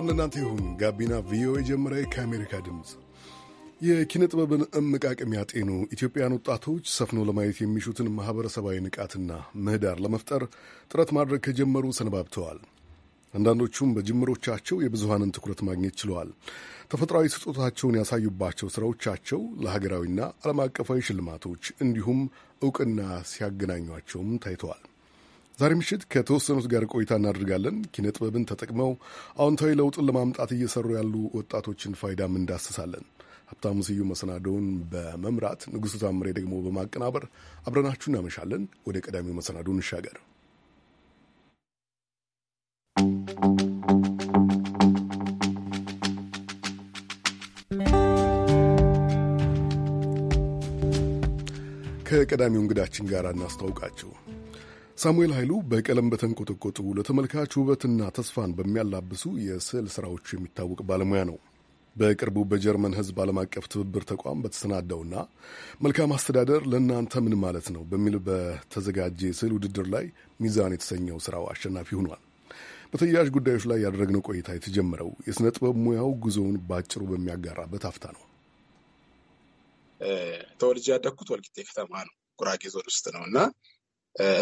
ሰላም ለእናንተ ይሁን። ጋቢና ቪኦኤ ጀመረ። ከአሜሪካ ድምፅ የኪነ ጥበብን እምቅ አቅም ያጤኑ ኢትዮጵያን ወጣቶች ሰፍኖ ለማየት የሚሹትን ማኅበረሰባዊ ንቃትና ምህዳር ለመፍጠር ጥረት ማድረግ ከጀመሩ ሰነባብተዋል። አንዳንዶቹም በጅምሮቻቸው የብዙሃንን ትኩረት ማግኘት ችለዋል። ተፈጥሯዊ ስጦታቸውን ያሳዩባቸው ሥራዎቻቸው ለሀገራዊና ዓለም አቀፋዊ ሽልማቶች እንዲሁም ዕውቅና ሲያገናኟቸውም ታይተዋል። ዛሬ ምሽት ከተወሰኑት ጋር ቆይታ እናደርጋለን። ኪነ ጥበብን ተጠቅመው አዎንታዊ ለውጥን ለማምጣት እየሰሩ ያሉ ወጣቶችን ፋይዳም እንዳስሳለን። ሀብታሙ ስዩ መሰናዶውን በመምራት ንጉሡ ታምሬ ደግሞ በማቀናበር አብረናችሁ እናመሻለን። ወደ ቀዳሚው መሰናዶ እንሻገር። ከቀዳሚው እንግዳችን ጋር እናስታውቃችሁ። ሳሙኤል ኃይሉ በቀለም በተንቆጠቆጡ ለተመልካች ውበትና ተስፋን በሚያላብሱ የስዕል ሥራዎቹ የሚታወቅ ባለሙያ ነው። በቅርቡ በጀርመን ሕዝብ ዓለም አቀፍ ትብብር ተቋም በተሰናዳውና መልካም አስተዳደር ለእናንተ ምን ማለት ነው በሚል በተዘጋጀ የስዕል ውድድር ላይ ሚዛን የተሰኘው ስራው አሸናፊ ሆኗል። በተያያዥ ጉዳዮች ላይ ያደረግነው ቆይታ የተጀመረው የሥነ ጥበብ ሙያው ጉዞውን በአጭሩ በሚያጋራበት አፍታ ነው። ተወልጄ ያደግኩት ወልቂጤ ከተማ ነው፣ ጉራጌ ዞን ውስጥ ነው እና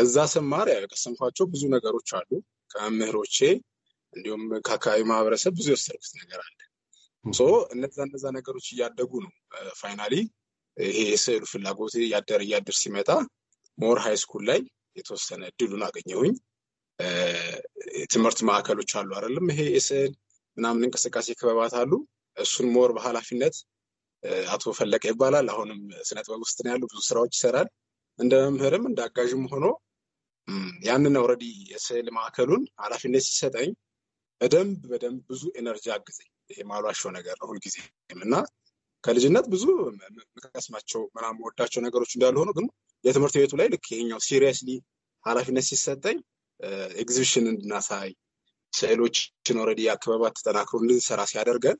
እዛ ስማር ያቀሰምኳቸው ብዙ ነገሮች አሉ። ከመምህሮቼ እንዲሁም ከአካባቢ ማህበረሰብ ብዙ የወሰድኩት ነገር አለ። እነዛ እነዛ ነገሮች እያደጉ ነው ፋይናሊ ይሄ የስዕሉ ፍላጎት እያደር እያደር ሲመጣ ሞር ሃይ ስኩል ላይ የተወሰነ እድሉን አገኘሁኝ። ትምህርት ማዕከሎች አሉ አይደለም? ይሄ የስዕል ምናምን እንቅስቃሴ ክበባት አሉ። እሱን ሞር በኃላፊነት አቶ ፈለቀ ይባላል። አሁንም ስነ ጥበብ ውስጥ ነው ያሉ ብዙ ስራዎች ይሰራል። እንደ መምህርም እንደ አጋዥም ሆኖ ያንን አውረዲ የስዕል ማዕከሉን ኃላፊነት ሲሰጠኝ በደንብ በደንብ ብዙ ኤነርጂ አግዘኝ። ይሄ ማሏሻው ነገር ነው ሁልጊዜም እና ከልጅነት ብዙ ምቀስማቸው ምናምን ወዳቸው ነገሮች እንዳሉ ሆኖ ግን የትምህርት ቤቱ ላይ ልክ ይሄኛው ሲሪየስሊ ኃላፊነት ሲሰጠኝ ኤግዚቢሽን እንድናሳይ ስዕሎችን ኦልሬዲ የአከባባት ተጠናክሮ እንድንሰራ ሲያደርገን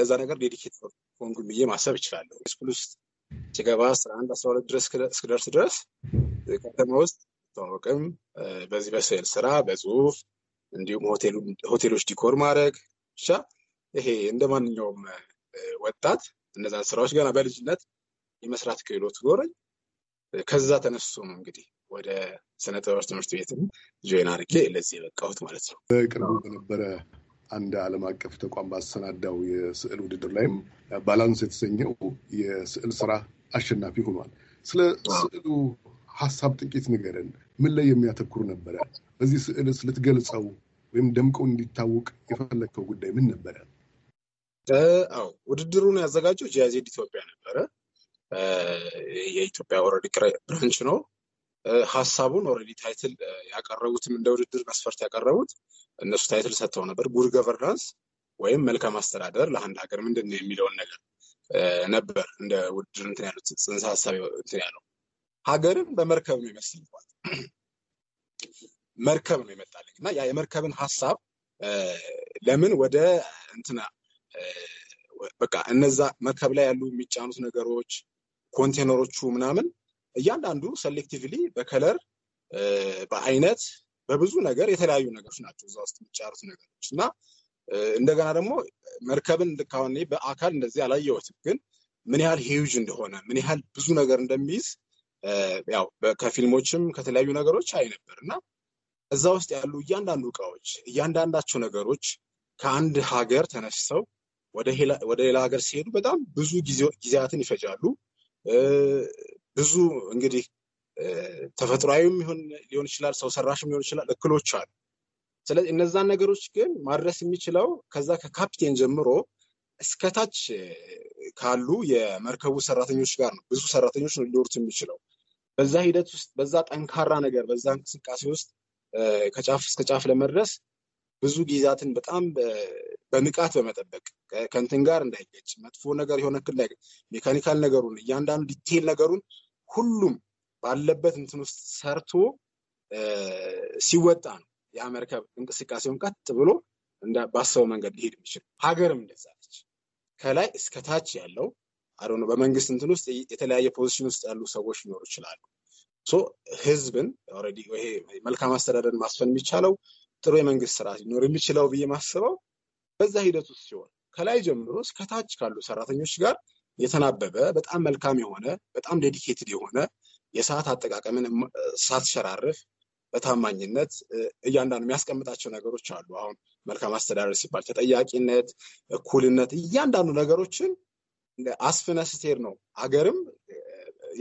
ለዛ ነገር ዴዲኬት ሆንኩኝ ብዬ ማሰብ ይችላለሁ። ስኩል ውስጥ ሲገባ አስራ አንድ አስራ ሁለት ድረስ እስክደርስ ድረስ ከተማ ውስጥ ታወቅም በዚህ በስዕል ስራ፣ በጽሁፍ እንዲሁም ሆቴሎች ዲኮር ማድረግ ብቻ ይሄ እንደ ማንኛውም ወጣት እነዛን ስራዎች ገና በልጅነት የመስራት ክህሎት ኖረኝ። ከዛ ተነስቶ ነው እንግዲህ ወደ ስነ ጥበብ ትምህርት ቤትም ጆይን አድርጌ ለዚህ የበቃሁት ማለት ነው። በቅርቡ በነበረ አንድ ዓለም አቀፍ ተቋም ባሰናዳው የስዕል ውድድር ላይም ባላንስ የተሰኘው የስዕል ስራ አሸናፊ ሆኗል። ስለ ስዕሉ ሀሳብ ጥቂት ንገረን። ምን ላይ የሚያተኩር ነበረ? በዚህ ስዕልስ ልትገልጸው ወይም ደምቀው እንዲታወቅ የፈለግከው ጉዳይ ምን ነበረ? አዎ ውድድሩን ያዘጋጀው ጂያዜድ ኢትዮጵያ ነበረ። የኢትዮጵያ ኦልሬዲ ብራንች ነው። ሀሳቡን ኦልሬዲ ታይትል ያቀረቡትም እንደ ውድድር መስፈርት ያቀረቡት እነሱ ታይትል ሰጥተው ነበር። ጉድ ገቨርናንስ ወይም መልካም አስተዳደር ለአንድ ሀገር ምንድን ነው የሚለውን ነገር ነበር እንደ ውድድር እንትን ያሉት ጽንሰ ሀሳብ እንትን ያለው ሀገርን በመርከብ ነው ይመስልኳል። መርከብ ነው ይመጣልኝ እና ያ የመርከብን ሀሳብ ለምን ወደ እንትና በቃ እነዛ መርከብ ላይ ያሉ የሚጫኑት ነገሮች ኮንቴነሮቹ ምናምን እያንዳንዱ ሰሌክቲቭሊ በከለር በአይነት በብዙ ነገር የተለያዩ ነገሮች ናቸው እዛ ውስጥ የሚጫሩት ነገሮች እና እንደገና ደግሞ መርከብን ልካሁን በአካል እንደዚህ አላየሁትም፣ ግን ምን ያህል ሂዩጅ እንደሆነ ምን ያህል ብዙ ነገር እንደሚይዝ ያው ከፊልሞችም ከተለያዩ ነገሮች አይ ነበር እና እዛ ውስጥ ያሉ እያንዳንዱ እቃዎች እያንዳንዳቸው ነገሮች ከአንድ ሀገር ተነስተው ወደ ሌላ ሀገር ሲሄዱ በጣም ብዙ ጊዜያትን ይፈጃሉ። ብዙ እንግዲህ ተፈጥሯዊም ሊሆን ይችላል፣ ሰው ሰራሽም ሊሆን ይችላል እክሎች አሉ። ስለዚህ እነዛን ነገሮች ግን ማድረስ የሚችለው ከዛ ከካፕቴን ጀምሮ እስከታች ካሉ የመርከቡ ሰራተኞች ጋር ነው። ብዙ ሰራተኞች ነው ሊኖሩት የሚችለው። በዛ ሂደት ውስጥ በዛ ጠንካራ ነገር በዛ እንቅስቃሴ ውስጥ ከጫፍ እስከ ጫፍ ለመድረስ ብዙ ጊዜያትን በጣም በንቃት በመጠበቅ ከንትን ጋር እንዳይገጭ መጥፎ ነገር የሆነ ክል ሜካኒካል ነገሩን እያንዳንዱ ዲቴል ነገሩን ሁሉም ባለበት እንትን ውስጥ ሰርቶ ሲወጣ ነው ያ መርከብ እንቅስቃሴውን ቀጥ ብሎ ባሰበው መንገድ ሊሄድ የሚችል። ሀገርም እንደዛለች ከላይ እስከ ታች ያለው አዶነ በመንግስት እንትን ውስጥ የተለያየ ፖዚሽን ውስጥ ያሉ ሰዎች ሊኖሩ ይችላሉ። ህዝብን ኦልሬዲ ይሄ መልካም አስተዳደር ማስፈን የሚቻለው ጥሩ የመንግስት ስርዓት ሊኖር የሚችለው ብዬ ማስበው በዛ ሂደት ውስጥ ሲሆን ከላይ ጀምሮ እስከታች ካሉ ሰራተኞች ጋር የተናበበ በጣም መልካም የሆነ በጣም ዴዲኬትድ የሆነ የሰዓት አጠቃቀምን ሳትሸራርፍ በታማኝነት እያንዳንዱ የሚያስቀምጣቸው ነገሮች አሉ። አሁን መልካም አስተዳደር ሲባል ተጠያቂነት፣ እኩልነት፣ እያንዳንዱ ነገሮችን አስፍነ ስቴር ነው አገርም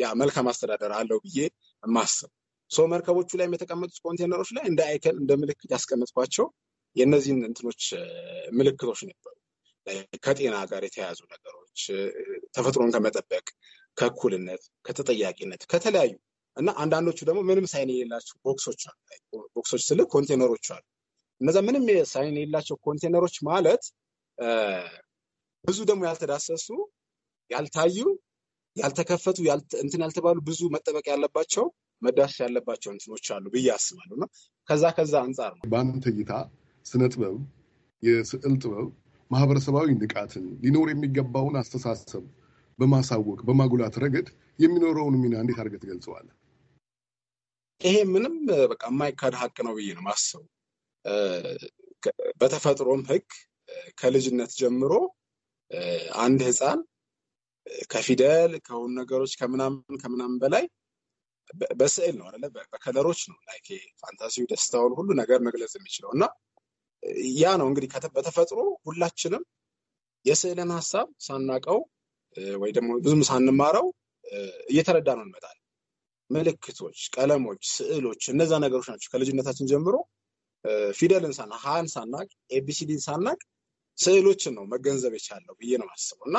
ያ መልካም አስተዳደር አለው ብዬ የማስብ ሰው መርከቦቹ ላይ የተቀመጡት ኮንቴነሮች ላይ እንደ አይከል እንደ ምልክት ያስቀምጥኳቸው የእነዚህን እንትኖች ምልክቶች ነበሩ። ከጤና ጋር የተያያዙ ነገሮች፣ ተፈጥሮን ከመጠበቅ፣ ከእኩልነት፣ ከተጠያቂነት ከተለያዩ እና አንዳንዶቹ ደግሞ ምንም ሳይን የሌላቸው ቦክሶች አሉ። ቦክሶች ስል ኮንቴነሮች አሉ። እነዛ ምንም ሳይን የሌላቸው ኮንቴነሮች ማለት ብዙ ደግሞ ያልተዳሰሱ ያልታዩ ያልተከፈቱ እንትን ያልተባሉ ብዙ መጠበቅ ያለባቸው መዳሰስ ያለባቸው እንትኖች አሉ ብዬ አስባለሁ እና ከዛ ከዛ አንጻር ነው በአንተ እይታ ስነ ጥበብ፣ የስዕል ጥበብ ማህበረሰባዊ ንቃትን ሊኖር የሚገባውን አስተሳሰብ በማሳወቅ በማጉላት ረገድ የሚኖረውን ሚና እንዴት አድርገህ ትገልጸዋለህ? ይሄ ምንም በቃ የማይካድ ሀቅ ነው ብዬ ነው ማስበው። በተፈጥሮም ህግ ከልጅነት ጀምሮ አንድ ህፃን ከፊደል ከሆኑ ነገሮች ከምናምን ከምናምን በላይ በስዕል ነው አለ በከለሮች ነው ላይ ፋንታሲው፣ ደስታውን ሁሉ ነገር መግለጽ የሚችለው እና ያ ነው እንግዲህ በተፈጥሮ ሁላችንም የስዕልን ሀሳብ ሳናቀው ወይ ደግሞ ብዙም ሳንማረው እየተረዳ ነው እንመጣል። ምልክቶች፣ ቀለሞች፣ ስዕሎች እነዛ ነገሮች ናቸው ከልጅነታችን ጀምሮ ፊደልን ሳና ሀን ሳናቅ ኤቢሲዲን ሳናቅ ስዕሎችን ነው መገንዘብ የቻለው ብዬ ነው የማስበው እና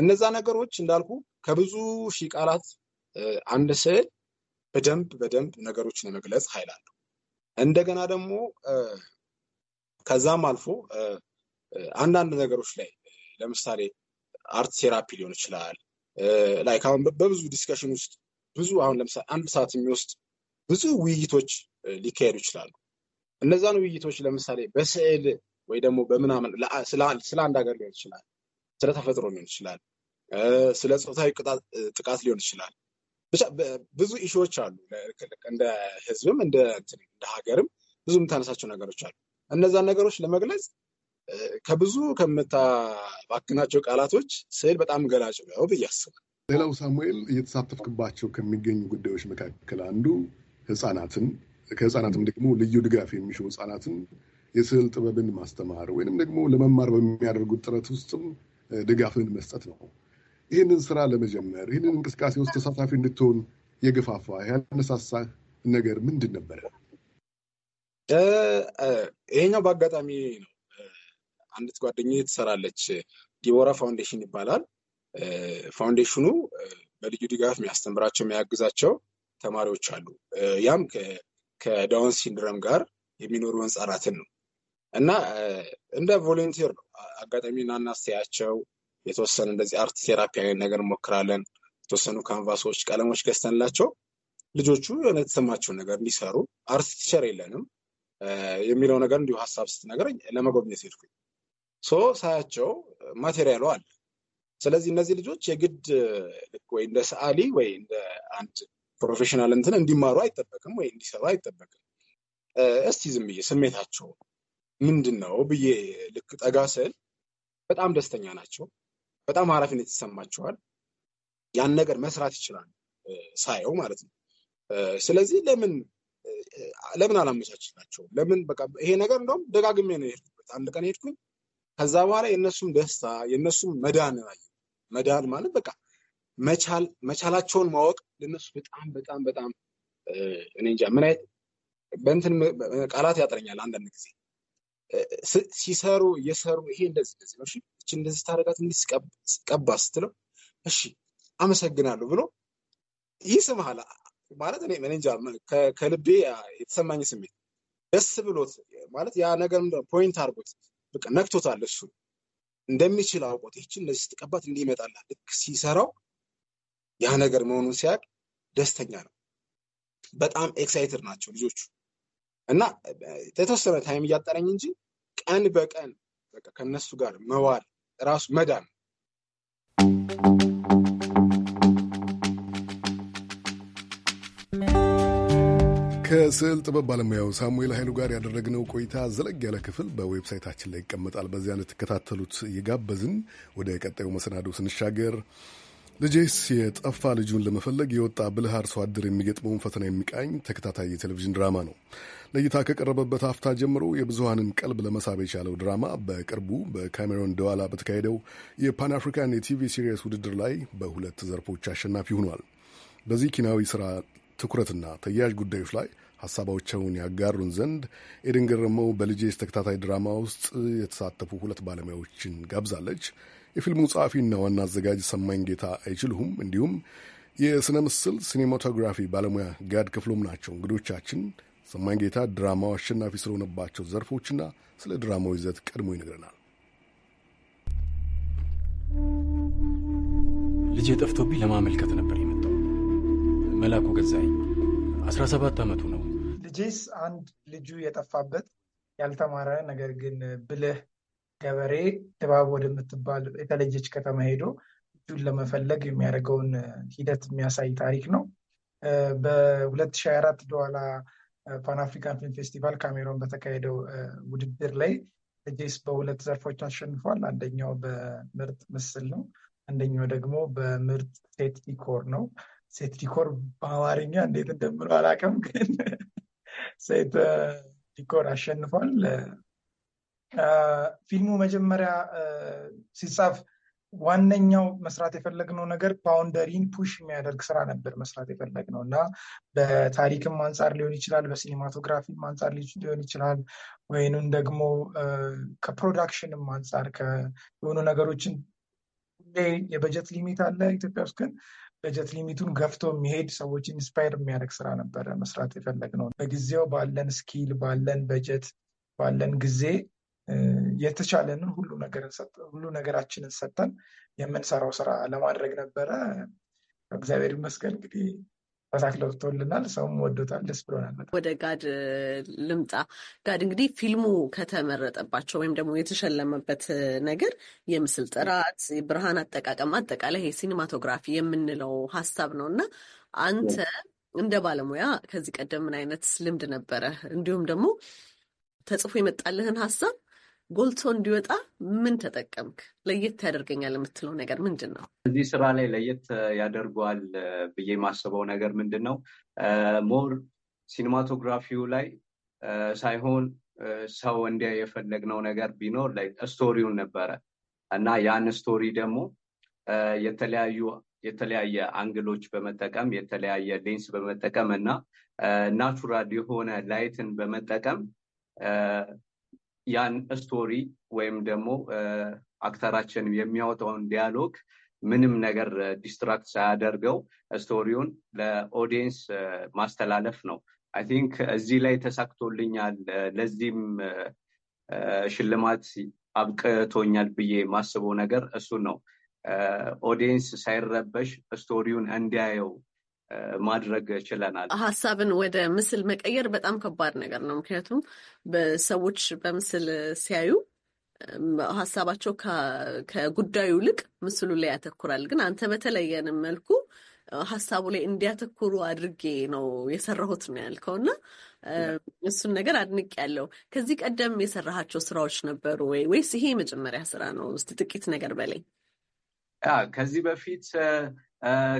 እነዛ ነገሮች እንዳልኩ ከብዙ ሺህ ቃላት አንድ ስዕል በደንብ በደንብ ነገሮችን የመግለጽ ኃይል አለው። እንደገና ደግሞ ከዛም አልፎ አንዳንድ ነገሮች ላይ ለምሳሌ አርት ቴራፒ ሊሆን ይችላል። ላይክ አሁን በብዙ ዲስከሽን ውስጥ ብዙ አሁን ለምሳሌ አንድ ሰዓት የሚወስድ ብዙ ውይይቶች ሊካሄዱ ይችላሉ። እነዛን ውይይቶች ለምሳሌ በስዕል ወይ ደግሞ በምናምን ስለ አንድ ሀገር ሊሆን ይችላል፣ ስለ ተፈጥሮ ሊሆን ይችላል፣ ስለ ፆታዊ ጥቃት ሊሆን ይችላል። ብቻ ብዙ ኢሹዎች አሉ። እንደ ህዝብም እንደ ሀገርም ብዙ የምታነሳቸው ነገሮች አሉ። እነዛን ነገሮች ለመግለጽ ከብዙ ከምታባክናቸው ቃላቶች ስዕል በጣም ገላጭ ነው ብዬ አስባለሁ። ሌላው ሳሙኤል እየተሳተፍክባቸው ከሚገኙ ጉዳዮች መካከል አንዱ ህጻናትን ከህጻናትም ደግሞ ልዩ ድጋፍ የሚሹ ህጻናትን የስዕል ጥበብን ማስተማር ወይንም ደግሞ ለመማር በሚያደርጉት ጥረት ውስጥም ድጋፍን መስጠት ነው። ይህንን ስራ ለመጀመር ይህንን እንቅስቃሴ ውስጥ ተሳታፊ እንድትሆን የገፋፋ ያነሳሳህ ነገር ምንድን ነበረ? ይሄኛው በአጋጣሚ ነው። አንዲት ጓደኛዬ ትሰራለች። ዲቦራ ፋውንዴሽን ይባላል። ፋውንዴሽኑ በልዩ ድጋፍ የሚያስተምራቸው የሚያግዛቸው ተማሪዎች አሉ። ያም ከዳውን ሲንድረም ጋር የሚኖሩ ህጻናትን ነው እና እንደ ቮለንቲር ነው። አጋጣሚ ና የተወሰነ እንደዚህ አርት ቴራፒ አይነት ነገር እንሞክራለን። የተወሰኑ ካንቫሶች፣ ቀለሞች ገዝተንላቸው ልጆቹ የሆነ የተሰማቸውን ነገር እንዲሰሩ አርት ቲቸር የለንም የሚለው ነገር እንዲሁ ሀሳብ ስትነግረኝ ለመጎብኘት ሄድኩኝ። ሶ ሳያቸው ማቴሪያሉ አለ። ስለዚህ እነዚህ ልጆች የግድ ወይ እንደ ሰዓሊ ወይ እንደ አንድ ፕሮፌሽናል እንትን እንዲማሩ አይጠበቅም ወይ እንዲሰሩ አይጠበቅም። እስቲ ዝም ብዬ ስሜታቸው ምንድን ነው ብዬ ልክ ጠጋ ስል በጣም ደስተኛ ናቸው። በጣም ኃላፊነት ይሰማቸዋል። ያን ነገር መስራት ይችላል ሳየው ማለት ነው። ስለዚህ ለምን ለምን አላመቻችላቸውም? ለምን በቃ ይሄ ነገር እንደውም ደጋግሜ ነው የሄድኩበት። አንድ ቀን ሄድኩኝ። ከዛ በኋላ የእነሱም ደስታ የእነሱም መዳን መዳን ማለት በቃ መቻል መቻላቸውን ማወቅ ለእነሱ በጣም በጣም በጣም እኔ እንጃ ምን አይነት በእንትን ቃላት ያጥረኛል አንዳንድ ጊዜ ሲሰሩ እየሰሩ ይሄ እንደዚህ እንደዚህ ነው እሺ እንደዚህ ታደርጋት እንዲህ ሲቀባ ስትለው እሺ አመሰግናለሁ ብሎ ይስምሃል ማለት እኔ እንጃ ከልቤ የተሰማኝ ስሜት ደስ ብሎት ማለት ያ ነገር ፖይንት አድርጎት በቃ ነክቶታል። እሱ እንደሚችል አውቆት ይችን እንደዚህ ስትቀባት እንዲህ ይመጣላል። ልክ ሲሰራው ያ ነገር መሆኑን ሲያቅ ደስተኛ ነው። በጣም ኤክሳይትድ ናቸው ልጆቹ እና የተወሰነ ታይም እያጠረኝ እንጂ ቀን በቀን በቃ ከነሱ ጋር መዋል ራሱ መዳን ነው። ከስዕል ጥበብ ባለሙያው ሳሙኤል ኃይሉ ጋር ያደረግነው ቆይታ ዘለግ ያለ ክፍል በዌብሳይታችን ላይ ይቀመጣል። በዚያ እንድትከታተሉት እየጋበዝን ወደ ቀጣዩ መሰናዶ ስንሻገር ልጄስ የጠፋ ልጁን ለመፈለግ የወጣ ብልህ አርሶ አደር የሚገጥመውን ፈተና የሚቃኝ ተከታታይ የቴሌቪዥን ድራማ ነው። ለእይታ ከቀረበበት አፍታ ጀምሮ የብዙሃንን ቀልብ ለመሳብ የቻለው ድራማ በቅርቡ በካሜሮን ደዋላ በተካሄደው የፓን አፍሪካን የቲቪ ሲሪየስ ውድድር ላይ በሁለት ዘርፎች አሸናፊ ሆኗል። በዚህ ኪናዊ ስራ ትኩረትና ተያያዥ ጉዳዮች ላይ ሀሳባቸውን ያጋሩን ዘንድ ኤደን ገረመው በልጄስ ተከታታይ ድራማ ውስጥ የተሳተፉ ሁለት ባለሙያዎችን ጋብዛለች። የፊልሙ ጸሐፊና ዋና አዘጋጅ ሰማኝ ጌታ አይችልሁም እንዲሁም የሥነ ምስል ሲኔማቶግራፊ ባለሙያ ጋድ ክፍሎም ናቸው እንግዶቻችን። ሰማኝ ጌታ ድራማው አሸናፊ ስለሆነባቸው ዘርፎችና ስለ ድራማው ይዘት ቀድሞ ይነግረናል። ልጄ ጠፍቶብኝ ለማመልከት ነበር መላኩ ገዛኝ 17 ዓመቱ ነው። ልጄስ አንድ ልጁ የጠፋበት ያልተማረ ነገር ግን ብልህ ገበሬ ድባብ ወደምትባል የተለየች ከተማ ሄዶ ልጁን ለመፈለግ የሚያደርገውን ሂደት የሚያሳይ ታሪክ ነው። በ2004 ደኋላ ፓን አፍሪካን ፊልም ፌስቲቫል ካሜሮን በተካሄደው ውድድር ላይ ልጄስ በሁለት ዘርፎች አሸንፏል። አንደኛው በምርጥ ምስል ነው። አንደኛው ደግሞ በምርጥ ሴት ኢኮር ነው። ሴት ዲኮር በአማርኛ እንዴት እንደምለው አላውቅም፣ ግን ሴት ዲኮር አሸንፏል። ፊልሙ መጀመሪያ ሲጻፍ ዋነኛው መስራት የፈለግነው ነገር ባውንደሪን ፑሽ የሚያደርግ ስራ ነበር መስራት የፈለግነው እና በታሪክም አንጻር ሊሆን ይችላል፣ በሲኒማቶግራፊም አንጻር ሊሆን ይችላል፣ ወይንም ደግሞ ከፕሮዳክሽንም አንጻር የሆኑ ነገሮችን የበጀት ሊሚት አለ ኢትዮጵያ ውስጥ ግን በጀት ሊሚቱን ገፍቶ የሚሄድ ሰዎችን ኢንስፓየር የሚያደርግ ስራ ነበረ መስራት የፈለግ ነው። በጊዜው ባለን ስኪል፣ ባለን በጀት፣ ባለን ጊዜ የተቻለንን ሁሉ ነገራችንን ሰጠን የምንሰራው ስራ ለማድረግ ነበረ። እግዚአብሔር ይመስገን እንግዲህ ተሳክሎልናል። ሰውም ወዶታል። ደስ ብሎናል። ወደ ጋድ ልምጣ። ጋድ እንግዲህ ፊልሙ ከተመረጠባቸው ወይም ደግሞ የተሸለመበት ነገር የምስል ጥራት፣ ብርሃን አጠቃቀም፣ አጠቃላይ ሲኒማቶግራፊ የምንለው ሀሳብ ነው እና አንተ እንደ ባለሙያ ከዚህ ቀደም ምን አይነት ልምድ ነበረ? እንዲሁም ደግሞ ተጽፎ የመጣልህን ሀሳብ ጎልቶ እንዲወጣ ምን ተጠቀምክ? ለየት ያደርገኛል የምትለው ነገር ምንድን ነው? እዚህ ስራ ላይ ለየት ያደርገዋል ብዬ የማስበው ነገር ምንድን ነው? ሞር ሲኒማቶግራፊው ላይ ሳይሆን ሰው እንዲያ የፈለግነው ነገር ቢኖር ስቶሪውን ነበረ እና ያን ስቶሪ ደግሞ የተለያዩ የተለያየ አንግሎች በመጠቀም የተለያየ ሌንስ በመጠቀም እና ናቹራል የሆነ ላይትን በመጠቀም ያን ስቶሪ ወይም ደግሞ አክተራችን የሚያወጣውን ዲያሎግ ምንም ነገር ዲስትራክት ሳያደርገው ስቶሪውን ለኦዲየንስ ማስተላለፍ ነው። አይ ቲንክ እዚህ ላይ ተሳክቶልኛል። ለዚህም ሽልማት አብቅቶኛል ብዬ ማስበው ነገር እሱ ነው። ኦዲየንስ ሳይረበሽ ስቶሪውን እንዲያየው ማድረግ ችለናል። ሀሳብን ወደ ምስል መቀየር በጣም ከባድ ነገር ነው። ምክንያቱም በሰዎች በምስል ሲያዩ ሀሳባቸው ከጉዳዩ ይልቅ ምስሉ ላይ ያተኩራል። ግን አንተ በተለየን መልኩ ሀሳቡ ላይ እንዲያተኩሩ አድርጌ ነው የሰራሁት ነው ያልከው እና እሱን ነገር አድንቅ ያለው። ከዚህ ቀደም የሰራሃቸው ስራዎች ነበሩ ወይ ወይስ ይሄ የመጀመሪያ ስራ ነው? እስቲ ጥቂት ነገር በላይ ከዚህ በፊት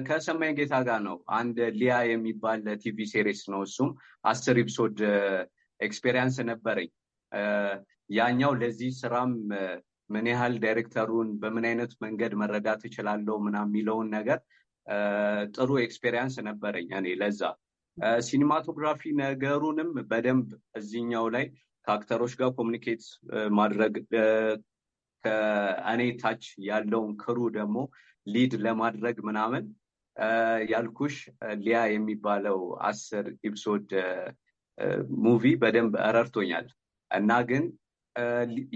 ከሰማይ ጌታ ጋር ነው። አንድ ሊያ የሚባል ቲቪ ሴሪስ ነው። እሱም አስር ኤፒሶድ ኤክስፔሪንስ ነበረኝ። ያኛው ለዚህ ስራም ምን ያህል ዳይሬክተሩን በምን አይነት መንገድ መረዳት እችላለሁ ምናምን የሚለውን ነገር ጥሩ ኤክስፔሪንስ ነበረኝ። እኔ ለዛ ሲኒማቶግራፊ ነገሩንም በደንብ እዚኛው ላይ ከአክተሮች ጋር ኮሚኒኬት ማድረግ ከእኔ ታች ያለውን ክሩ ደግሞ ሊድ ለማድረግ ምናምን ያልኩሽ ሊያ የሚባለው አስር ኢፕሶድ ሙቪ በደንብ ረድቶኛል እና ግን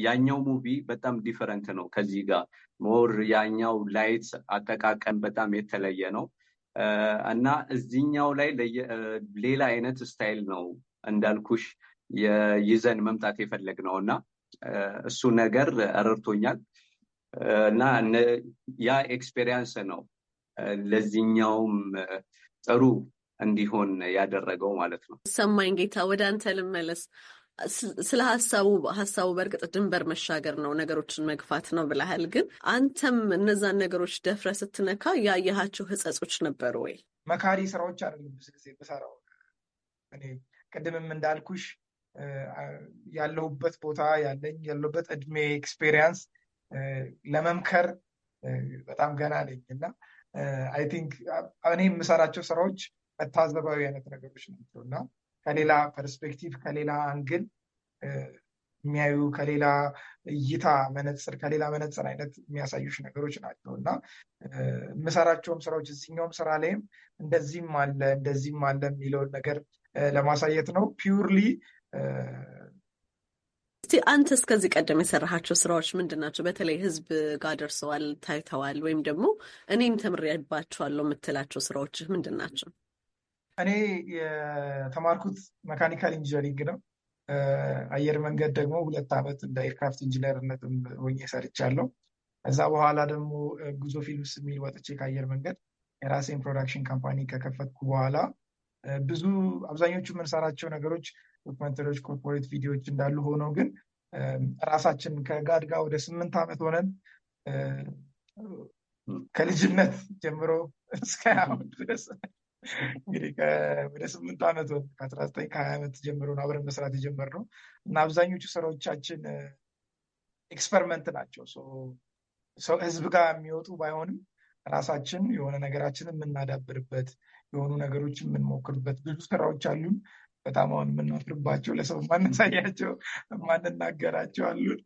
ያኛው ሙቪ በጣም ዲፈረንት ነው ከዚህ ጋር ሞር ያኛው ላይት አጠቃቀም በጣም የተለየ ነው እና እዚኛው ላይ ሌላ አይነት ስታይል ነው እንዳልኩሽ ይዘን መምጣት የፈለግ ነው እና እሱ ነገር ረድቶኛል። እና ያ ኤክስፔሪንስ ነው ለዚህኛውም ጥሩ እንዲሆን ያደረገው ማለት ነው። ሰማኝ ጌታ፣ ወደ አንተ ልመለስ። ስለ ሀሳቡ ሀሳቡ በእርግጥ ድንበር መሻገር ነው፣ ነገሮችን መግፋት ነው ብለሃል። ግን አንተም እነዛን ነገሮች ደፍረ ስትነካ ያየሃቸው ህጸጾች ነበሩ ወይ? መካሪ ስራዎች አይደለም ብዙ ጊዜ ብሰራው እኔ ቅድምም እንዳልኩሽ ያለሁበት ቦታ ያለኝ ያለሁበት እድሜ ኤክስፔሪንስ ለመምከር በጣም ገና ነኝ እና አይ ቲንክ እኔ የምሰራቸው ስራዎች መታዘባዊ አይነት ነገሮች ናቸው እና ከሌላ ፐርስፔክቲቭ ከሌላ አንግል የሚያዩ ከሌላ እይታ መነፅር ከሌላ መነፅር አይነት የሚያሳዩች ነገሮች ናቸው እና የምሰራቸውም ስራዎች እዚኛውም ስራ ላይም እንደዚህም አለ እንደዚህም አለ የሚለውን ነገር ለማሳየት ነው ፒውርሊ እስቲ አንተ እስከዚህ ቀደም የሰራሃቸው ስራዎች ምንድን ናቸው? በተለይ ህዝብ ጋር ደርሰዋል፣ ታይተዋል፣ ወይም ደግሞ እኔም ተምሬባቸዋለሁ የምትላቸው ስራዎች ምንድን ናቸው? እኔ የተማርኩት መካኒካል ኢንጂነሪንግ ነው። አየር መንገድ ደግሞ ሁለት ዓመት እንደ ኤርክራፍት ኢንጂነርነት ሆኜ ሰርቻለሁ። እዛ በኋላ ደግሞ ጉዞ ፊልምስ የሚል ወጥቼ ከአየር መንገድ የራሴን ፕሮዳክሽን ካምፓኒ ከከፈትኩ በኋላ ብዙ አብዛኞቹ የምንሰራቸው ነገሮች ዶክመንተሪዎች፣ ኮርፖሬት ቪዲዮዎች እንዳሉ ሆነው ግን ራሳችን ከጋድ ጋር ወደ ስምንት ዓመት ሆነን ከልጅነት ጀምሮ እስከ አሁን ድረስ እንግዲህ ወደ ስምንት ዓመት ወ ከአስራ ዘጠኝ ከሀያ ዓመት ጀምሮ አብረን መስራት የጀመርነው እና አብዛኞቹ ስራዎቻችን ኤክስፐሪመንት ናቸው። ሰው ህዝብ ጋር የሚወጡ ባይሆንም ራሳችን የሆነ ነገራችን የምናዳብርበት የሆኑ ነገሮች የምንሞክርበት ብዙ ስራዎች አሉን። በጣም አሁን የምናፍርባቸው ለሰው ማናሳያቸው ማንናገራቸው አሉን።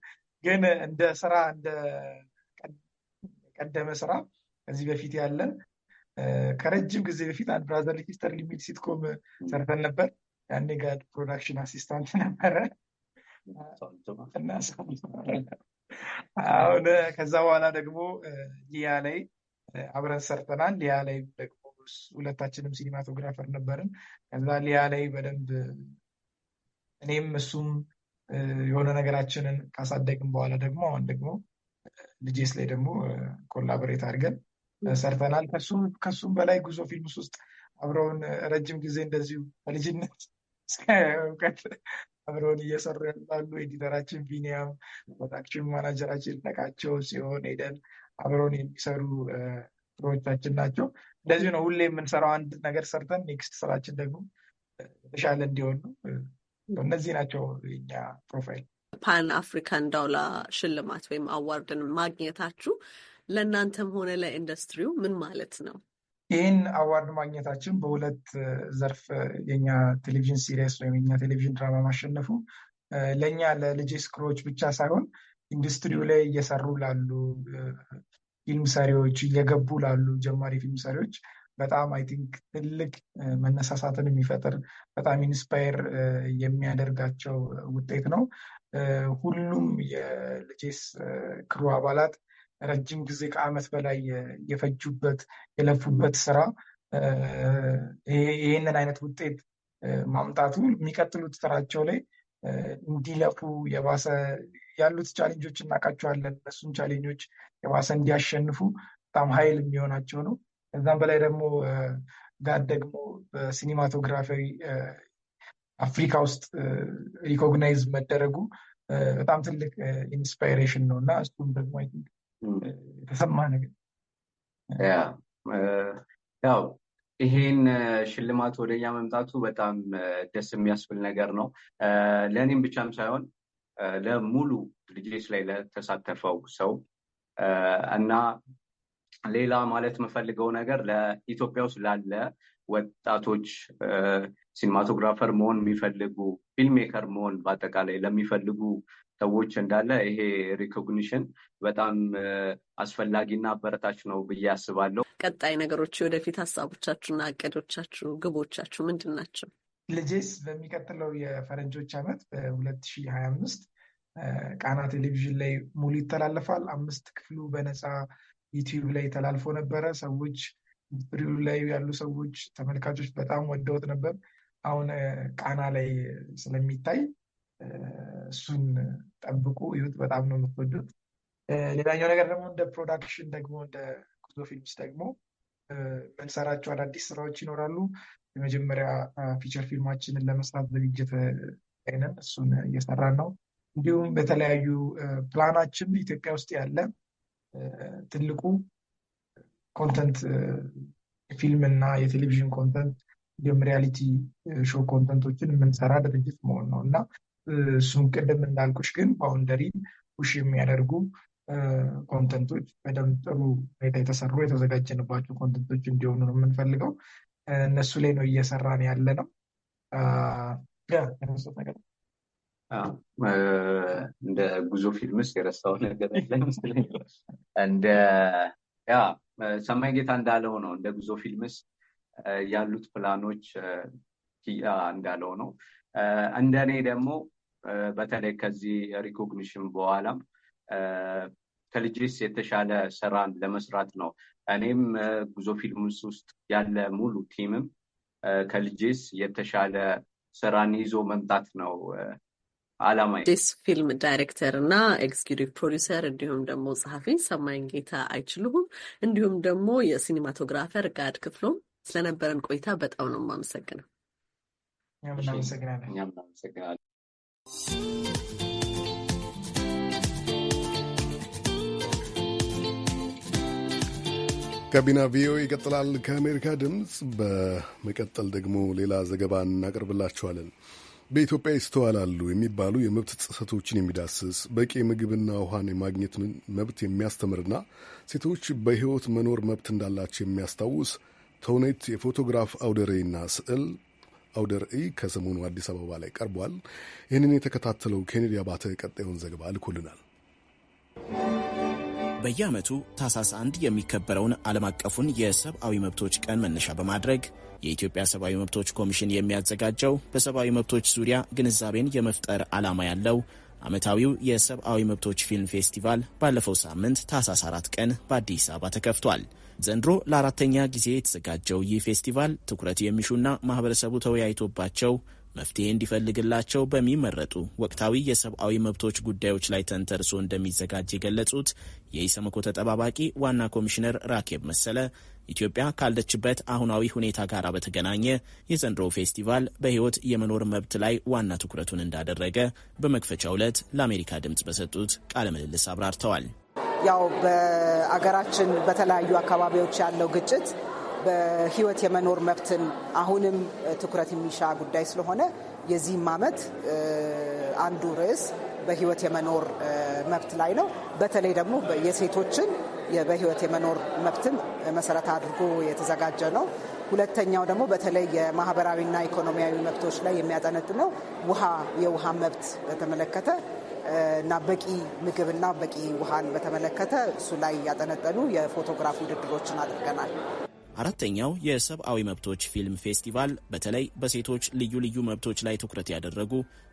ግን እንደ ስራ እንደ ቀደመ ስራ ከዚህ በፊት ያለን ከረጅም ጊዜ በፊት አንድ ብራዘር ሊሲስተር ሊሚት ሲትኮም ሰርተን ነበር። ያኔ ጋር ፕሮዳክሽን አሲስታንት ነበረ አሁን ከዛ በኋላ ደግሞ ሊያ ላይ አብረን ሰርተናል። ሊያ ላይ ደግሞ ሁለታችንም ሲኒማቶግራፈር ነበርን። ከዛ ሊያ ላይ በደንብ እኔም እሱም የሆነ ነገራችንን ካሳደግን በኋላ ደግሞ አሁን ደግሞ ልጄስ ላይ ደግሞ ኮላቦሬት አድርገን ሰርተናል። ከሱም በላይ ጉዞ ፊልም ውስጥ አብረውን ረጅም ጊዜ እንደዚሁ በልጅነት እውቀት አብረውን እየሰሩ ያሉ ኤዲተራችን ቢኒያም፣ ወጣችን ማናጀራችን ነቃቸው ሲሆን ሄደን አብረውን የሚሰሩ ስራዎቻችን ናቸው። እንደዚሁ ነው ሁሌ የምንሰራው። አንድ ነገር ሰርተን ኔክስት ስራችን ደግሞ የተሻለ እንዲሆን ነው። እነዚህ ናቸው የኛ ፕሮፋይል። ፓን አፍሪካን ዳውላ ሽልማት ወይም አዋርድን ማግኘታችሁ ለእናንተም ሆነ ለኢንዱስትሪው ምን ማለት ነው? ይህን አዋርድ ማግኘታችን በሁለት ዘርፍ የኛ ቴሌቪዥን ሲሪስ ወይም የኛ ቴሌቪዥን ድራማ ማሸነፉ ለእኛ ለልጅ ስክሮች ብቻ ሳይሆን ኢንዱስትሪው ላይ እየሰሩ ላሉ ፊልም ሰሪዎች እየገቡ ላሉ ጀማሪ ፊልም ሰሪዎች በጣም አይ ቲንክ ትልቅ መነሳሳትን የሚፈጥር በጣም ኢንስፓየር የሚያደርጋቸው ውጤት ነው። ሁሉም የልጄስ ክሩ አባላት ረጅም ጊዜ ከዓመት በላይ የፈጁበት የለፉበት ስራ ይህንን አይነት ውጤት ማምጣቱ የሚቀጥሉት ስራቸው ላይ እንዲለፉ የባሰ ያሉት ቻሌንጆች እናውቃቸዋለን። እነሱን ቻሌንጆች የባሰ እንዲያሸንፉ በጣም ሀይል የሚሆናቸው ነው። ከዛም በላይ ደግሞ ጋር ደግሞ በሲኒማቶግራፊያዊ አፍሪካ ውስጥ ሪኮግናይዝ መደረጉ በጣም ትልቅ ኢንስፓይሬሽን ነው እና እሱም ደግሞ የተሰማ ነገር ያው ይሄን ሽልማት ወደኛ መምጣቱ በጣም ደስ የሚያስብል ነገር ነው። ለእኔም ብቻም ሳይሆን ለሙሉ ድርጅት ላይ ለተሳተፈው ሰው Uh, እና ሌላ ማለት የምፈልገው ነገር ለኢትዮጵያ ውስጥ ላለ ወጣቶች uh, ሲኒማቶግራፈር መሆን የሚፈልጉ ፊልሜከር መሆን በአጠቃላይ ለሚፈልጉ ሰዎች እንዳለ ይሄ ሪኮግኒሽን በጣም uh, አስፈላጊና አበረታች ነው ብዬ አስባለሁ። ቀጣይ ነገሮች፣ ወደፊት ሀሳቦቻችሁና እቅዶቻችሁ፣ ግቦቻችሁ ምንድን ናቸው? ልጄስ በሚቀጥለው የፈረንጆች ዓመት በ2025 ቃና ቴሌቪዥን ላይ ሙሉ ይተላለፋል። አምስት ክፍሉ በነፃ ዩቲዩብ ላይ ተላልፎ ነበረ። ሰዎች ፍሪው ላይ ያሉ ሰዎች ተመልካቾች በጣም ወደውት ነበር። አሁን ቃና ላይ ስለሚታይ እሱን ጠብቁ ይሁት። በጣም ነው የምትወዱት። ሌላኛው ነገር ደግሞ እንደ ፕሮዳክሽን ደግሞ እንደ ጉዞ ፊልምስ ደግሞ የምንሰራቸው አዳዲስ ስራዎች ይኖራሉ። የመጀመሪያ ፊቸር ፊልማችንን ለመስራት ዝግጅት ላይ ነን። እሱን እየሰራን ነው። እንዲሁም በተለያዩ ፕላናችን ኢትዮጵያ ውስጥ ያለ ትልቁ ኮንተንት ፊልም እና የቴሌቪዥን ኮንተንት እንዲሁም ሪያሊቲ ሾው ኮንተንቶችን የምንሰራ ድርጅት መሆን ነው እና እሱም ቅድም እንዳልኩሽ ግን ባውንደሪ ውሽ የሚያደርጉ ኮንተንቶች በደንብ ጥሩ ሁኔታ የተሰሩ የተዘጋጀንባቸው ኮንተንቶች እንዲሆኑ ነው የምንፈልገው። እነሱ ላይ ነው እየሰራን ያለ ነው። እንደ ጉዞ ፊልምስ የረሳው ነገር እንደ ያ ሰማይ ጌታ እንዳለው ነው። እንደ ጉዞ ፊልምስ ያሉት ፕላኖች ያ እንዳለው ነው። እንደ እኔ ደግሞ በተለይ ከዚህ ሪኮግኒሽን በኋላም ከልጅስ የተሻለ ስራን ለመስራት ነው። እኔም ጉዞ ፊልምስ ውስጥ ያለ ሙሉ ቲምም ከልጅስ የተሻለ ስራን ይዞ መምጣት ነው አላማ ስ ፊልም ዳይሬክተር እና ኤግዚኪቲቭ ፕሮዲሰር እንዲሁም ደግሞ ጸሐፊ ሰማይን ጌታ አይችልሁም እንዲሁም ደግሞ የሲኒማቶግራፈር ጋድ ክፍሎም ስለነበረን ቆይታ በጣም ነው የማመሰግነው። ጋቢና ቪኦኤ ይቀጥላል። ከአሜሪካ ድምፅ በመቀጠል ደግሞ ሌላ ዘገባ እናቀርብላችኋለን። በኢትዮጵያ ይስተዋላሉ የሚባሉ የመብት ጥሰቶችን የሚዳስስ በቂ ምግብና ውሃን የማግኘት መብት የሚያስተምርና ሴቶች በሕይወት መኖር መብት እንዳላቸው የሚያስታውስ ተውኔት የፎቶግራፍ አውደ ርዕይና ስዕል አውደ ርዕይ ከሰሞኑ አዲስ አበባ ላይ ቀርቧል። ይህንን የተከታተለው ኬኔዲ አባተ ቀጣዩን ዘገባ ልኮልናል። በየዓመቱ ታህሳስ አንድ የሚከበረውን ዓለም አቀፉን የሰብአዊ መብቶች ቀን መነሻ በማድረግ የኢትዮጵያ ሰብአዊ መብቶች ኮሚሽን የሚያዘጋጀው በሰብአዊ መብቶች ዙሪያ ግንዛቤን የመፍጠር ዓላማ ያለው ዓመታዊው የሰብአዊ መብቶች ፊልም ፌስቲቫል ባለፈው ሳምንት ታህሳስ አራት ቀን በአዲስ አበባ ተከፍቷል። ዘንድሮ ለአራተኛ ጊዜ የተዘጋጀው ይህ ፌስቲቫል ትኩረት የሚሹና ማህበረሰቡ ተወያይቶባቸው መፍትሄ እንዲፈልግላቸው በሚመረጡ ወቅታዊ የሰብአዊ መብቶች ጉዳዮች ላይ ተንተርሶ እንደሚዘጋጅ የገለጹት የኢሰመኮ ተጠባባቂ ዋና ኮሚሽነር ራኬብ መሰለ ኢትዮጵያ ካለችበት አሁናዊ ሁኔታ ጋር በተገናኘ የዘንድሮ ፌስቲቫል በሕይወት የመኖር መብት ላይ ዋና ትኩረቱን እንዳደረገ በመክፈቻው ዕለት ለአሜሪካ ድምፅ በሰጡት ቃለ ምልልስ አብራርተዋል። ያው በአገራችን በተለያዩ አካባቢዎች ያለው ግጭት በህይወት የመኖር መብትን አሁንም ትኩረት የሚሻ ጉዳይ ስለሆነ የዚህም አመት አንዱ ርዕስ በህይወት የመኖር መብት ላይ ነው። በተለይ ደግሞ የሴቶችን በህይወት የመኖር መብትን መሰረት አድርጎ የተዘጋጀ ነው። ሁለተኛው ደግሞ በተለይ የማህበራዊና ኢኮኖሚያዊ መብቶች ላይ የሚያጠነጥነው ውሃ የውሃ መብት በተመለከተ እና በቂ ምግብና በቂ ውሃን በተመለከተ እሱ ላይ ያጠነጠኑ የፎቶግራፍ ውድድሮችን አድርገናል። አራተኛው የሰብአዊ መብቶች ፊልም ፌስቲቫል በተለይ በሴቶች ልዩ ልዩ መብቶች ላይ ትኩረት ያደረጉ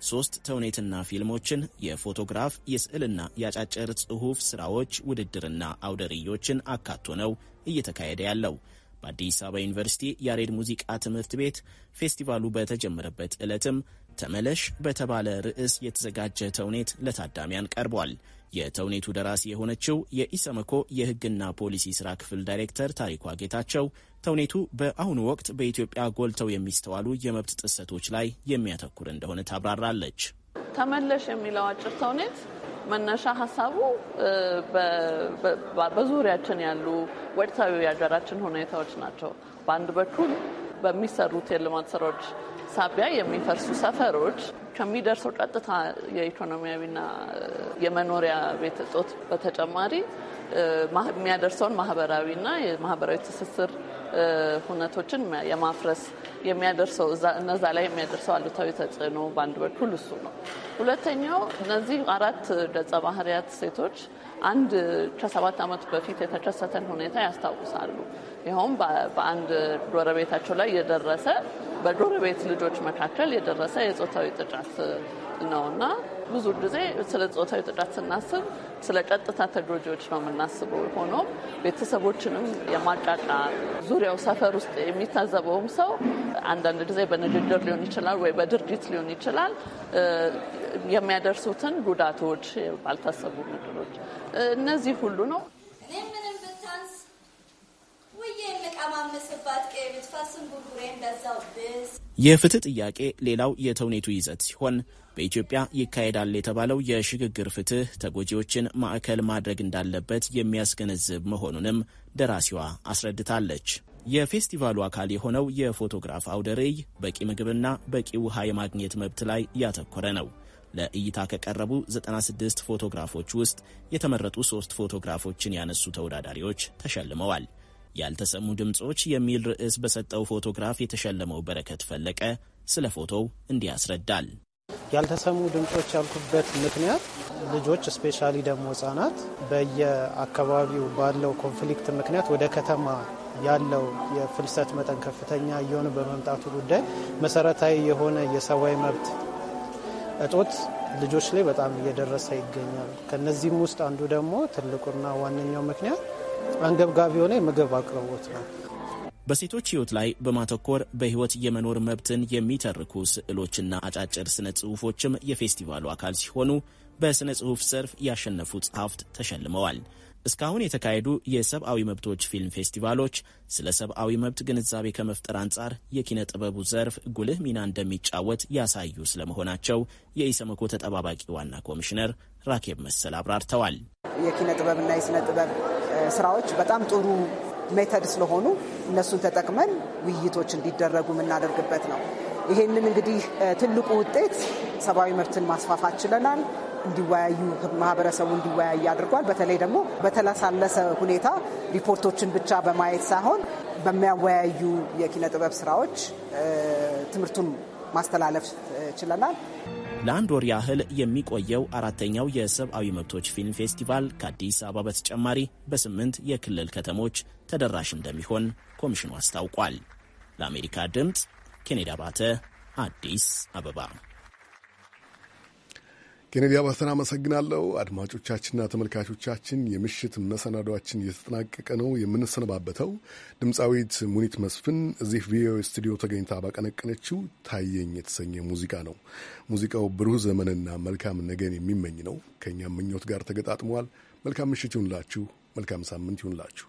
ሶስት ተውኔትና ፊልሞችን፣ የፎቶግራፍ የስዕልና የአጫጭር ጽሑፍ ስራዎች ውድድርና አውደርዮችን አካቶ ነው እየተካሄደ ያለው። በአዲስ አበባ ዩኒቨርሲቲ ያሬድ ሙዚቃ ትምህርት ቤት ፌስቲቫሉ በተጀመረበት ዕለትም ተመለሽ በተባለ ርዕስ የተዘጋጀ ተውኔት ለታዳሚያን ቀርቧል። የተውኔቱ ደራሲ የሆነችው የኢሰመኮ የሕግና ፖሊሲ ስራ ክፍል ዳይሬክተር ታሪኳ ጌታቸው ተውኔቱ በአሁኑ ወቅት በኢትዮጵያ ጎልተው የሚስተዋሉ የመብት ጥሰቶች ላይ የሚያተኩር እንደሆነ ታብራራለች። ተመለሽ የሚለው አጭር ተውኔት መነሻ ሀሳቡ በዙሪያችን ያሉ ወቅታዊ የሀገራችን ሁኔታዎች ናቸው። በአንድ በኩል በሚሰሩት የልማት ስራዎች ሳቢያ የሚፈርሱ ሰፈሮች ከሚደርሰው ቀጥታ የኢኮኖሚያዊና የመኖሪያ ቤት እጦት በተጨማሪ የሚያደርሰውን ማህበራዊና የማህበራዊ ትስስር ሁነቶችን የማፍረስ የሚያደርሰው እነዛ ላይ የሚያደርሰው አሉታዊ ተጽዕኖ በአንድ በኩል እሱ ነው። ሁለተኛው እነዚህ አራት ገጸ ባህርያት ሴቶች አንድ ከሰባት ዓመት በፊት የተከሰተን ሁኔታ ያስታውሳሉ። ይኸውም በአንድ ጎረቤታቸው ላይ የደረሰ በጎረቤት ልጆች መካከል የደረሰ የጾታዊ ጥቃት ነውና ብዙ ጊዜ ስለ ጾታዊ ጥቃት ስናስብ ስለ ቀጥታ ተጎጂዎች ነው የምናስበው። ሆኖም ቤተሰቦችንም የማጫጫ ዙሪያው ሰፈር ውስጥ የሚታዘበውም ሰው አንዳንድ ጊዜ በንግግር ሊሆን ይችላል ወይ በድርጊት ሊሆን ይችላል የሚያደርሱትን ጉዳቶች፣ ባልታሰቡ ነገሮች እነዚህ ሁሉ ነው ጉጉሬ እንደዛው ብስ የፍትህ ጥያቄ ሌላው የተውኔቱ ይዘት ሲሆን በኢትዮጵያ ይካሄዳል የተባለው የሽግግር ፍትህ ተጎጂዎችን ማዕከል ማድረግ እንዳለበት የሚያስገነዝብ መሆኑንም ደራሲዋ አስረድታለች። የፌስቲቫሉ አካል የሆነው የፎቶግራፍ አውደ ርዕይ በቂ ምግብና በቂ ውሃ የማግኘት መብት ላይ ያተኮረ ነው። ለእይታ ከቀረቡ 96 ፎቶግራፎች ውስጥ የተመረጡ ሶስት ፎቶግራፎችን ያነሱ ተወዳዳሪዎች ተሸልመዋል። ያልተሰሙ ድምፆች የሚል ርዕስ በሰጠው ፎቶግራፍ የተሸለመው በረከት ፈለቀ ስለ ፎቶው እንዲህ ያስረዳል። ያልተሰሙ ድምፆች ያልኩበት ምክንያት ልጆች ስፔሻሊ ደግሞ ህጻናት በየአካባቢው ባለው ኮንፍሊክት ምክንያት ወደ ከተማ ያለው የፍልሰት መጠን ከፍተኛ እየሆነ በመምጣቱ ጉዳይ መሰረታዊ የሆነ የሰብአዊ መብት እጦት ልጆች ላይ በጣም እየደረሰ ይገኛል። ከነዚህም ውስጥ አንዱ ደግሞ ትልቁና ዋነኛው ምክንያት አንገብጋቢ የሆነ የምግብ አቅርቦት ነው። በሴቶች ህይወት ላይ በማተኮር በህይወት የመኖር መብትን የሚተርኩ ስዕሎችና አጫጭር ስነ ጽሁፎችም የፌስቲቫሉ አካል ሲሆኑ በስነ ጽሁፍ ዘርፍ ያሸነፉ ጸሐፍት ተሸልመዋል። እስካሁን የተካሄዱ የሰብአዊ መብቶች ፊልም ፌስቲቫሎች ስለ ሰብአዊ መብት ግንዛቤ ከመፍጠር አንጻር የኪነ ጥበቡ ዘርፍ ጉልህ ሚና እንደሚጫወት ያሳዩ ስለመሆናቸው የኢሰመኮ ተጠባባቂ ዋና ኮሚሽነር ራኬብ መሰል አብራርተዋል። የኪነ ጥበብና የስነ ጥበብ ስራዎች በጣም ጥሩ ሜተድ ስለሆኑ እነሱን ተጠቅመን ውይይቶች እንዲደረጉ የምናደርግበት ነው። ይሄንን እንግዲህ ትልቁ ውጤት ሰብአዊ መብትን ማስፋፋት ችለናል። እንዲወያዩ ማህበረሰቡ እንዲወያይ አድርጓል። በተለይ ደግሞ በተለሳለሰ ሁኔታ ሪፖርቶችን ብቻ በማየት ሳይሆን በሚያወያዩ የኪነ ጥበብ ስራዎች ትምህርቱን ማስተላለፍ ችለናል። ለአንድ ወር ያህል የሚቆየው አራተኛው የሰብአዊ መብቶች ፊልም ፌስቲቫል ከአዲስ አበባ በተጨማሪ በስምንት የክልል ከተሞች ተደራሽ እንደሚሆን ኮሚሽኑ አስታውቋል። ለአሜሪካ ድምፅ ኬኔዲ አባተ አዲስ አበባ ኬኔዲ አባተን አመሰግናለሁ። አድማጮቻችንና ተመልካቾቻችን የምሽት መሰናዷችን እየተጠናቀቀ ነው የምንሰነባበተው። ድምፃዊት ሙኒት መስፍን እዚህ ቪኦኤ ስቱዲዮ ተገኝታ ባቀነቀነችው ታየኝ የተሰኘ ሙዚቃ ነው። ሙዚቃው ብሩህ ዘመንና መልካም ነገን የሚመኝ ነው። ከእኛም ምኞት ጋር ተገጣጥመዋል። መልካም ምሽት ይሁንላችሁ። መልካም ሳምንት ይሁንላችሁ።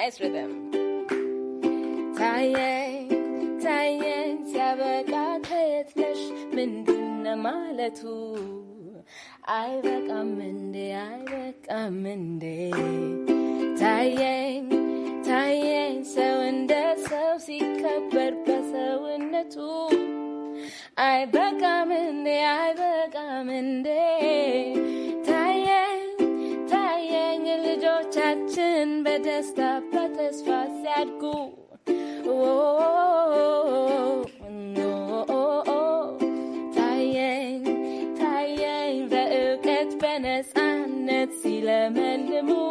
nice rhythm ታየኝ ሲያበቃ ከየት ነሽ ምንድነ ማለቱ አይበቃም እንዴ አይበቃም እንዴ ታየኝ ታየኝ ሰው እንደ ሰው ሲከበር በሰውነቱ አይበቃም እንዴ አይበቃም እንዴ ታየኝ ታየኝ ልጆቻችን በደስታ For that girl, Oh, no, Tying, tying, the oak at Venice, and it's Sila Melimo.